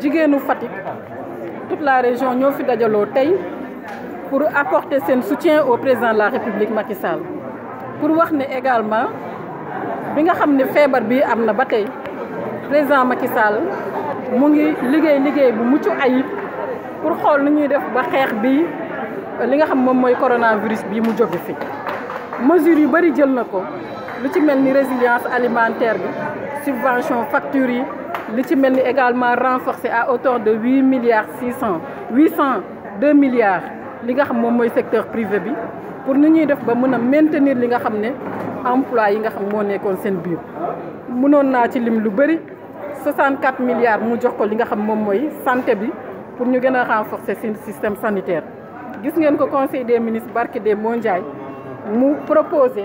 jigenu fatik toute la région pour apporter son soutien au président de la République Macky Sall pour voir également bi nga président Macky Sall ngi pour xol nu ñuy def ba bi li nga coronavirus bari lu ci mel résilience alimentaire bi subvention factures yi lu ci également renforcé à hauteur de 8 milliards 800 800, 2 milliards li nga xam secteur privé pour nous def ba maintenir li nga xam ne emploi yi nga xam moo biir 64 milliards mu jox ko li nga xam mom moy santé bi pour ñu gëna renforcer seen système sanitaire gis ngeen ko conseil des ministres Barké des Ndiaye mu proposé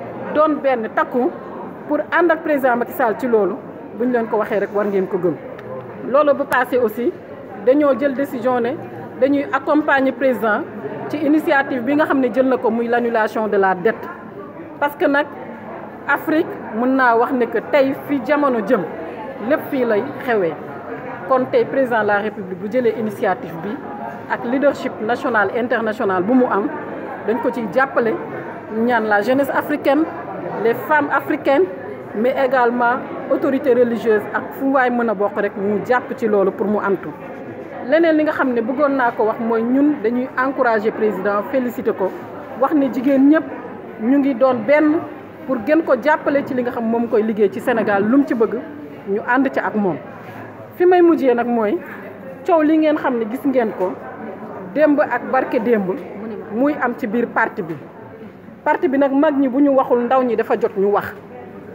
don benn taku pour ànd président Macky Sall ci lolu bu ñu leen ko waxé rek war ngeen ko gëm lolu bu passé aussi dañoo jël décision né dañuy accompagner président ci initiative bi nga xamné jël nako muy l'annulation de la dette parce que nak Afrique mën naa wax né que tay fi jamono jëm lépp fi lay xewé kon tey président de la république bu jëlé initiative bi ak leadership national international bu mu am dañ ko ci jappalé ñaan la jeunesse africaine les femmes africaines mais également autorités religieuses ak fu waay mën a bokk rek mu jàpp ci loolu pour mu antu leneen li nga xam ne ko wax mooy ñun dañuy encourager président féliciter ko wax ne jigéen ñëpp ñu ngi doon benn pour gën ko jàppale ci li nga xam moom koy liggéey ci Sénégal lu mu ci bëgg ñu ànd ci ak moom fi may mujjee nag mooy coow li ngeen gis ngeen ko ak muy am ci biir parti bi parti bi nak mag ñi bu ñu waxul ndaw ñi dafa jot ñu wax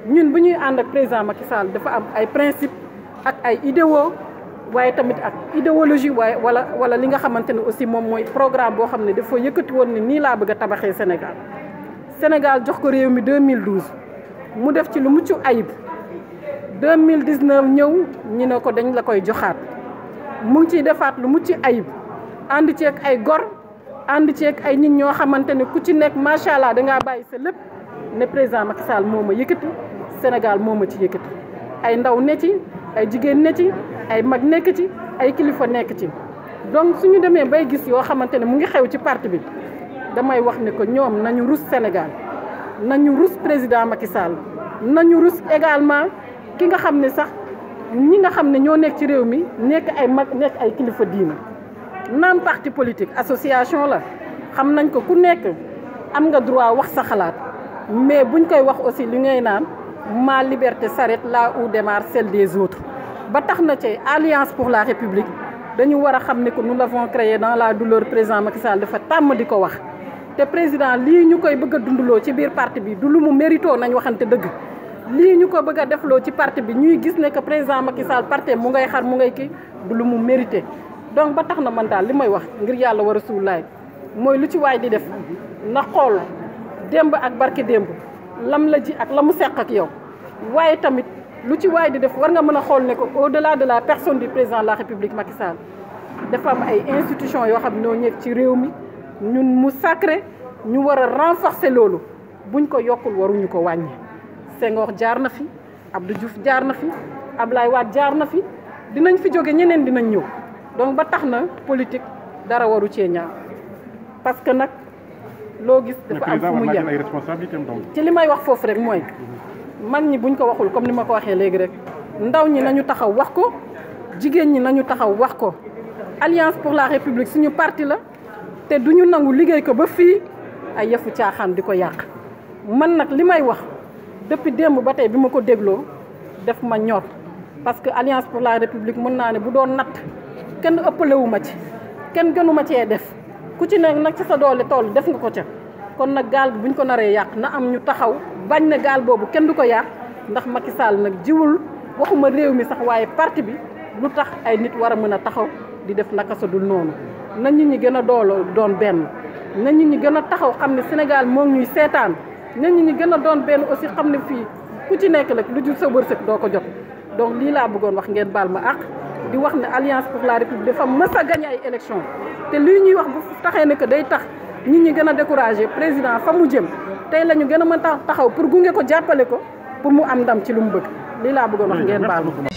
ñun bu ñuy and ak président Macky Sall dafa am ay principe ak ay idéo waye tamit ak idéologie waye wala wala li nga xamanteni aussi mom moy programme bo xamne dafa yëkëti won ni nii bëgg tabaxé Sénégal Sénégal jox ko réew mi 2012 mu def ci lu muccu ayib 2019 ñew ñi ne ko dañ la koy joxaat mu ngi ci defaat lu muccu ayib and ci ak ay gor ànd ceeg ay nit ñoo xamante ne ku ci nekk macha allah dangaa bàyyi sa lépp ne président Macky Sall moo ma yëkkati Sénégal moom ma ci yëkkati ay ndaw ne ci ay jigéen ne ci ay mag nekk ci ay kilifa nekk ci. donc su ñu demee bay gis yoo xamante ne mu ngi xew ci parti bi damay wax ne ko ñoom nañu rus Sénégal nañu rus président Macky Sall nañu rus également ki nga xam ne sax ñi nga xam ne ñoo nekk ci réew mi nekk ay mag nekk ay kilifa diina. naam parti politique association la xam nañ ko ku nekk am nga droit wax sa xalaat mais buñ koy wax aussi li ngay naan ma liberté s'arrête la u démarre celle des autres ba tax na ci alliance pour la république dañu war a xam ne que nous l'avons créé dans la douleur président Macky Sall dafa tàmm di ko wax te président lii ñu koy bëgg a dundaloo ci biir parti bi du lu mu méritoo nañ waxante dëgg lii ñu ko bëgg a defloo ci parti bi ñuy gis ne que président Macky Sall parti mu ngay xar mu ngay kii du mu mérité donc ba tax na man daal li may wax ngir yàlla war wa rasulullaay mooy lu ci waay di def na xool démb ak barke démb lam la ji ak la mu seq ak yow waaye tamit lu ci waay di def war nga mën a xool ne ko au delà de la personne du président la république Macky Sall dafa ay institutions yoo xam ñoo ñëw ci réew mi ñun mu sacré ñu war a renforcer loolu buñ ko yokkul waruñu ko wàññi Senghor jaar na fi Abdou Diouf jaar na fi ablaay waat jaar na fi dinañ fi jóge ñeneen dinañ ñëw donc ba tax na politique dara waru cee ñaaw parce que nag loo gis dafa am fu mu jëm ci li may wax foofu rek mooy mag ñi buñ ko waxul comme ni ma ko waxee léegi rek ndaw ñi nañu taxaw wax ko jigéen ñi nañu taxaw wax ko alliance pour la république suñu parti la te duñu nangu liggéey ko ba fii ay yëfu caaxaan di ko yàq man nag li may wax depuis démb ba tey bi ma ko dégloo def ma ñor parce que alliance pour la république mën naa ne bu doon natt kenn ëppalewu ma ci kenn gënu ma cee def ku ci nekk nag ci sa doole tool def nga ko ca kon nag gaal bi buñ ko naree yàq na am ñu taxaw bañ ne gaal boobu kenn du ko yàq ndax Macky Sall nag jiwul waxuma réew mi sax waaye parti bi lu tax ay nit war a mën a taxaw di def naka sa dul noonu na nit ñi gën a dooloo doon benn na nit ñi gën a taxaw xam ne Sénégal moo ñuy seetaan na ñu ñi gën a doon benn aussi xam ne fii ku ci nekk nag lu jur sa wërsëg doo ko jot donc lii laa bëggoon wax ngeen baal ma àq di wax ne alliance pour la république dafa mës a gagné ay élection te lii ñuy wax bu taxé ne que day tax nit ñi gëna décourager président fa mu jëm tay lañu gëna mënta taxaw pour gungé ko jappalé ko pour mu am ndam ci lu mu bëgg li la bëggoon wax ngeen baal ma